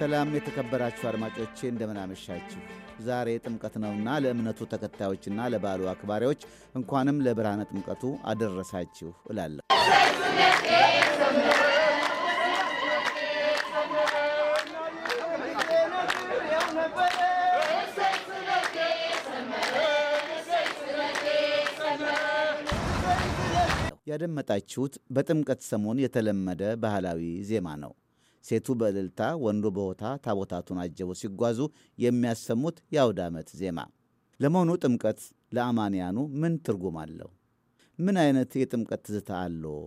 ሰላም የተከበራችሁ አድማጮቼ እንደምናመሻችሁ። ዛሬ ጥምቀት ነውና ለእምነቱ ተከታዮችና ለበዓሉ አክባሪዎች እንኳንም ለብርሃነ ጥምቀቱ አደረሳችሁ እላለሁ። ያደመጣችሁት በጥምቀት ሰሞን የተለመደ ባህላዊ ዜማ ነው። ሴቱ በእልልታ ወንዱ በሆታ ታቦታቱን አጀበው ሲጓዙ የሚያሰሙት የአውድ ዓመት ዜማ። ለመሆኑ ጥምቀት ለአማንያኑ ምን ትርጉም አለው? ምን አይነት የጥምቀት ትዝታ አለው?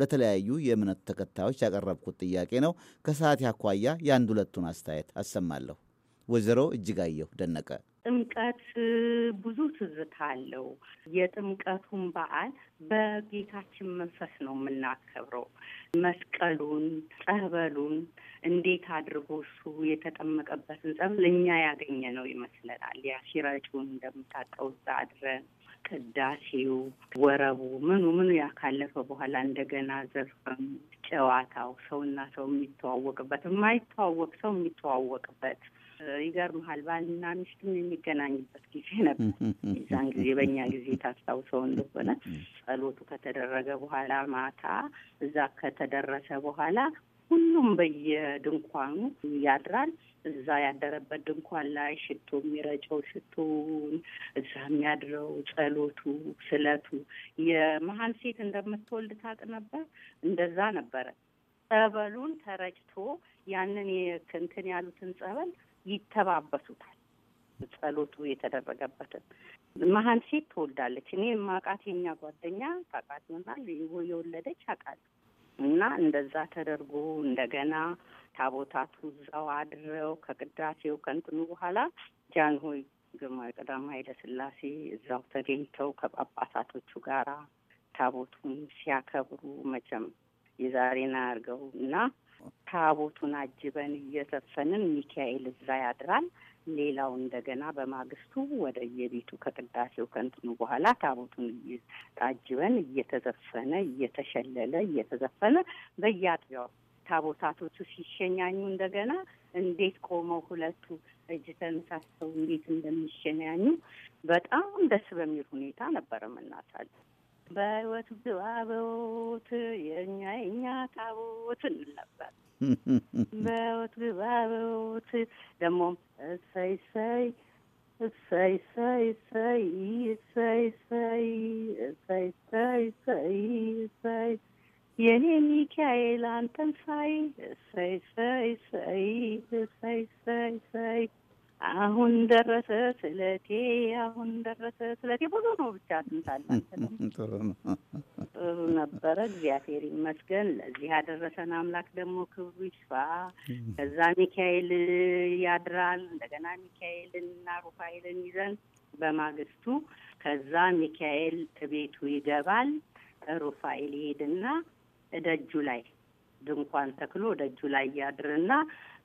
ለተለያዩ የእምነት ተከታዮች ያቀረብኩት ጥያቄ ነው። ከሰዓት ያኳያ የአንድ ሁለቱን አስተያየት አሰማለሁ። ወይዘሮ እጅጋየሁ ደነቀ ጥምቀት ብዙ ትዝታ አለው። የጥምቀቱን በዓል በጌታችን መንፈስ ነው የምናከብረው። መስቀሉን፣ ጸበሉን እንዴት አድርጎ እሱ የተጠመቀበትን ጸበል እኛ ያገኘ ነው ይመስለናል። ያ ሲረጩን እንደምታውቀው እዛ አድረን ቅዳሴው፣ ወረቡ፣ ምኑ ምኑ ያካለፈ በኋላ እንደገና ዘፈኑ፣ ጨዋታው፣ ሰውና ሰው የሚተዋወቅበት የማይተዋወቅ ሰው የሚተዋወቅበት ይገርምሃል፣ ባልና ሚስትም የሚገናኝበት ጊዜ ነበር። የዛን ጊዜ በእኛ ጊዜ ታስታውሰው እንደሆነ ጸሎቱ ከተደረገ በኋላ ማታ እዛ ከተደረሰ በኋላ ሁሉም በየድንኳኑ ያድራል። እዛ ያደረበት ድንኳን ላይ ሽቶ የሚረጨው ሽቶውን፣ እዛ የሚያድረው ጸሎቱ፣ ስለቱ የመሀን ሴት እንደምትወልድ ታጥ ነበር። እንደዛ ነበረ። ጸበሉን ተረጭቶ ያንን የክንትን ያሉትን ጸበል ይተባበሱታል። ጸሎቱ የተደረገበትን መሀን ሴት ትወልዳለች። እኔ ማቃት የኛ ጓደኛ ታውቃት ይሆናል የወለደች አውቃለሁ። እና እንደዛ ተደርጎ እንደገና ታቦታቱ እዛው አድረው ከቅዳሴው ከእንትኑ በኋላ ጃንሆይ ግርማዊ ቀዳማዊ ኃይለ ሥላሴ እዛው ተገኝተው ከጳጳሳቶቹ ጋር ታቦቱን ሲያከብሩ መቼም የዛሬን አድርገው እና ታቦቱን አጅበን እየዘፈንን ሚካኤል እዛ ያድራል። ሌላው እንደገና በማግስቱ ወደ የቤቱ ከቅዳሴው ከንትኑ በኋላ ታቦቱን ታጅበን እየተዘፈነ እየተሸለለ እየተዘፈነ በየአጥቢያው ታቦታቶቹ ሲሸኛኙ እንደገና እንዴት ቆመው ሁለቱ እጅ ተነሳስተው እንዴት እንደሚሸኛኙ በጣም ደስ በሚል ሁኔታ ነበረ ምናሳል በሕይወት ግባ የእኛ የእኛ ታቦት እንል ነበር። በወት ግባ ደግሞ እሰይ እሰይ እሰይ እሰይ እሰይ እሰይ እሰይ እሰይ እሰይ እሰይ የኔ ሚካኤል አንተን ሳይ እሰይ እሰይ እሰይ እሰይ እሰይ እሰይ አሁን ደረሰ ስለቴ አሁን ደረሰ ስለቴ ብዙ ነው ብቻ ትንታለ ጥሩ ነው። ጥሩ ነበረ። እግዚአብሔር ይመስገን። ለዚህ ያደረሰን አምላክ ደግሞ ክብሩ ይስፋ። ከዛ ሚካኤል ያድራል። እንደገና ሚካኤልንና ሩፋኤልን ይዘን በማግስቱ ከዛ ሚካኤል ቤቱ ይገባል። ሩፋኤል ይሄድና ደጁ ላይ ድንኳን ተክሎ ደጁ ላይ ያድርና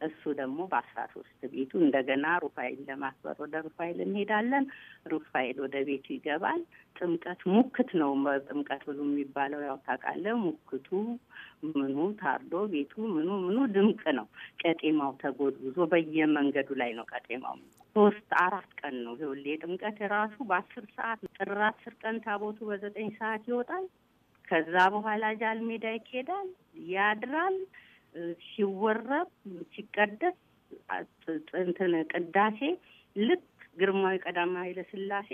እሱ ደግሞ በአስራ ሶስት ቤቱ እንደገና ሩፋኤል ለማክበር ወደ ሩፋኤል እንሄዳለን። ሩፋኤል ወደ ቤቱ ይገባል። ጥምቀት ሙክት ነው ጥምቀት ብሎ የሚባለው ያው ታውቃለህ። ሙክቱ ምኑ ታርዶ ቤቱ ምኑ ምኑ ድምቅ ነው። ቀጤማው ተጎድጉዞ በየመንገዱ ላይ ነው ቀጤማው። ሶስት አራት ቀን ነው ሁሌ ጥምቀት ራሱ በአስር ሰዓት ጥር አስር ቀን ታቦቱ በዘጠኝ ሰዓት ይወጣል። ከዛ በኋላ ጃል ሜዳ ይካሄዳል። ያድራል፣ ሲወረብ፣ ሲቀደስ እንትን ቅዳሴ ልክ ግርማዊ ቀዳማዊ ኃይለ ሥላሴ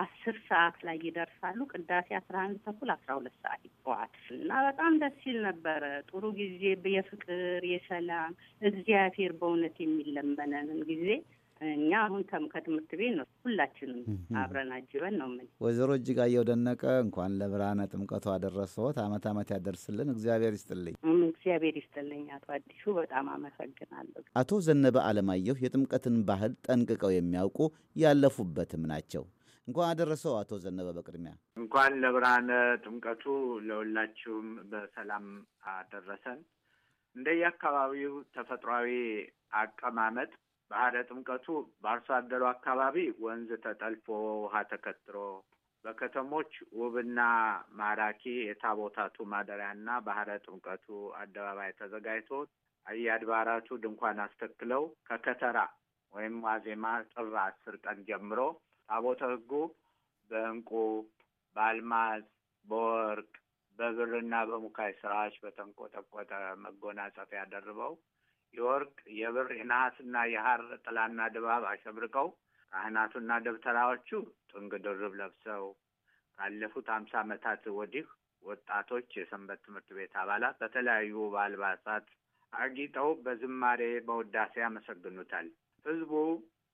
አስር ሰዓት ላይ ይደርሳሉ። ቅዳሴ አስራ አንድ ተኩል አስራ ሁለት ሰዓት ይጠዋል እና በጣም ደስ ሲል ነበረ። ጥሩ ጊዜ፣ የፍቅር የሰላም እግዚአብሔር በእውነት የሚለመነንን ጊዜ እኛ አሁን ከትምህርት ቤት ነው ሁላችንም አብረን አጅበን ነው ምን ወይዘሮ እጅጋየሁ ደነቀ እንኳን ለብርሃነ ጥምቀቱ አደረሰዎት። አመት አመት ያደርስልን እግዚአብሔር ይስጥልኝ። እግዚአብሔር ይስጥልኝ አቶ አዲሱ በጣም አመሰግናለሁ። አቶ ዘነበ አለማየሁ የጥምቀትን ባህል ጠንቅቀው የሚያውቁ ያለፉበትም ናቸው። እንኳን አደረሰው አቶ ዘነበ። በቅድሚያ እንኳን ለብርሃነ ጥምቀቱ ለሁላችሁም በሰላም አደረሰን። እንደየአካባቢው ተፈጥሯዊ አቀማመጥ ባህረ ጥምቀቱ በአርሶ አደሩ አካባቢ ወንዝ ተጠልፎ ውሃ ተከትሮ በከተሞች ውብና ማራኪ የታቦታቱ ማደሪያና ባህረ ጥምቀቱ አደባባይ ተዘጋጅቶ አያድባራቱ ድንኳን አስተክለው ከከተራ ወይም ዋዜማ ጥር አስር ቀን ጀምሮ ታቦተ ሕጉ በእንቁ፣ በአልማዝ፣ በወርቅ፣ በብርና በሙካይ ስራዎች በተንቆጠቆጠ መጎናጸፊያ ደርበው የወርቅ የብር የነሐስና የሐር ጥላና ድባብ አሸብርቀው ካህናቱና ደብተራዎቹ ጥንግ ድርብ ለብሰው ካለፉት አምሳ ዓመታት ወዲህ ወጣቶች የሰንበት ትምህርት ቤት አባላት በተለያዩ በአልባሳት አጊጠው በዝማሬ በውዳሴ ያመሰግኑታል። ህዝቡ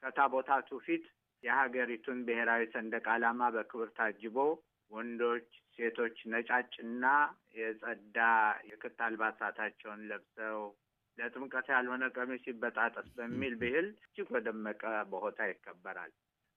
ከታቦታቱ ፊት የሀገሪቱን ብሔራዊ ሰንደቅ ዓላማ በክብር ታጅቦ ወንዶች፣ ሴቶች ነጫጭና የጸዳ የክት አልባሳታቸውን ለብሰው ለጥምቀት ያልሆነ ቀሚስ ሲበጣጠስ በሚል ብሂል እጅግ በደመቀ በሆታ ይከበራል።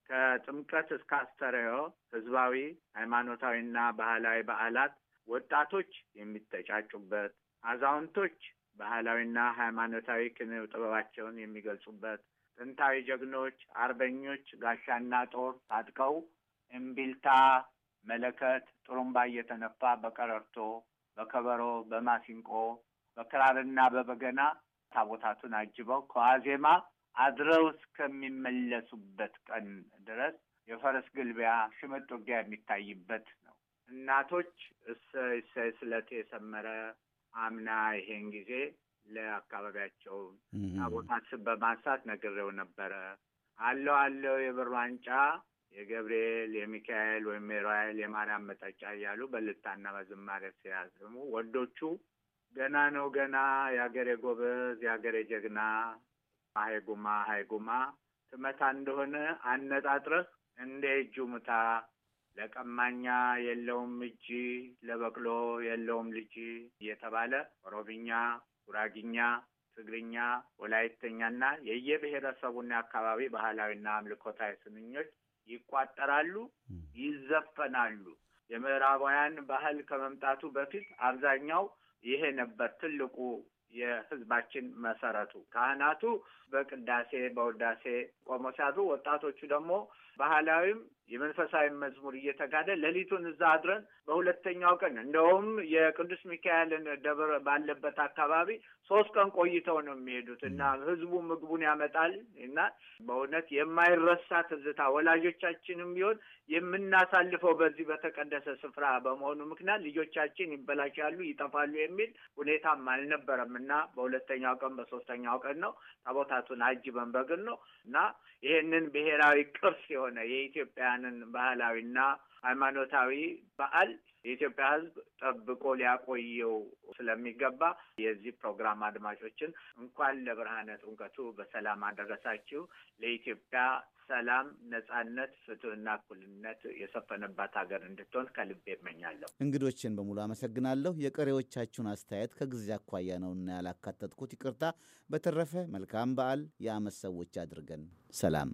ከጥምቀት እስከ አስተርእዮ ህዝባዊ ሃይማኖታዊና ባህላዊ በዓላት ወጣቶች የሚተጫጩበት፣ አዛውንቶች ባህላዊና ሃይማኖታዊ ኪነ ጥበባቸውን የሚገልጹበት፣ ጥንታዊ ጀግኖች አርበኞች ጋሻና ጦር ታጥቀው እምቢልታ፣ መለከት፣ ጥሩምባ እየተነፋ በቀረርቶ፣ በከበሮ፣ በማሲንቆ በክራርና በበገና ታቦታቱን አጅበው ከዋዜማ አድረው እስከሚመለሱበት ቀን ድረስ የፈረስ ግልቢያ ሽመጥ ውጊያ የሚታይበት ነው። እናቶች እሰይ እሰይ ስለቴ የሰመረ አምና ይሄን ጊዜ ለአካባቢያቸው ታቦታት በማንሳት ነግሬው ነበረ። አለው አለው የብር ዋንጫ የገብርኤል የሚካኤል ወይም የራይል የማርያም መጠጫ እያሉ በልታና በዝማሬ ሲያዝሙ ወንዶቹ ገና ነው ገና የአገሬ ጎበዝ የአገሬ ጀግና ሀይ ጉማ ሀይ ጉማ ትመታ እንደሆነ አነጣጥረህ እንደ እጁ ምታ። ለቀማኛ የለውም እጅ ለበቅሎ የለውም ልጅ እየተባለ ኦሮብኛ፣ ጉራግኛ፣ ትግርኛ፣ ወላይተኛና የየብሔረሰቡና አካባቢ ባህላዊና አምልኮታዊ ስንኞች ይቋጠራሉ፣ ይዘፈናሉ። የምዕራባውያን ባህል ከመምጣቱ በፊት አብዛኛው ይሄ ነበር ትልቁ የህዝባችን መሰረቱ። ካህናቱ በቅዳሴ በውዳሴ ቆሞ ሲያዙ፣ ወጣቶቹ ደግሞ ባህላዊም የመንፈሳዊ መዝሙር እየተጋደ ሌሊቱን እዛ አድረን በሁለተኛው ቀን እንደውም የቅዱስ ሚካኤልን ደብር ባለበት አካባቢ ሶስት ቀን ቆይተው ነው የሚሄዱት እና ህዝቡ ምግቡን ያመጣል እና በእውነት የማይረሳ ትዝታ ወላጆቻችንም ቢሆን የምናሳልፈው በዚህ በተቀደሰ ስፍራ በመሆኑ ምክንያት ልጆቻችን ይበላሻሉ፣ ይጠፋሉ የሚል ሁኔታም አልነበረም እና በሁለተኛው ቀን በሶስተኛው ቀን ነው ታቦታቱን አጅበን በግን ነው እና ይህንን ብሔራዊ ቅርስ የሆነ የኢትዮጵያ ያንን ባህላዊና ሃይማኖታዊ በዓል የኢትዮጵያ ሕዝብ ጠብቆ ሊያቆየው ስለሚገባ የዚህ ፕሮግራም አድማጮችን እንኳን ለብርሃነ ጥምቀቱ በሰላም አደረሳችሁ። ለኢትዮጵያ ሰላም፣ ነጻነት፣ ፍትህና እኩልነት የሰፈነባት ሀገር እንድትሆን ከልብ እመኛለሁ። እንግዶችን በሙሉ አመሰግናለሁ። የቀሪዎቻችሁን አስተያየት ከጊዜ አኳያ ነውና ያላካተትኩት ይቅርታ። በተረፈ መልካም በዓል የአመት ሰዎች አድርገን ሰላም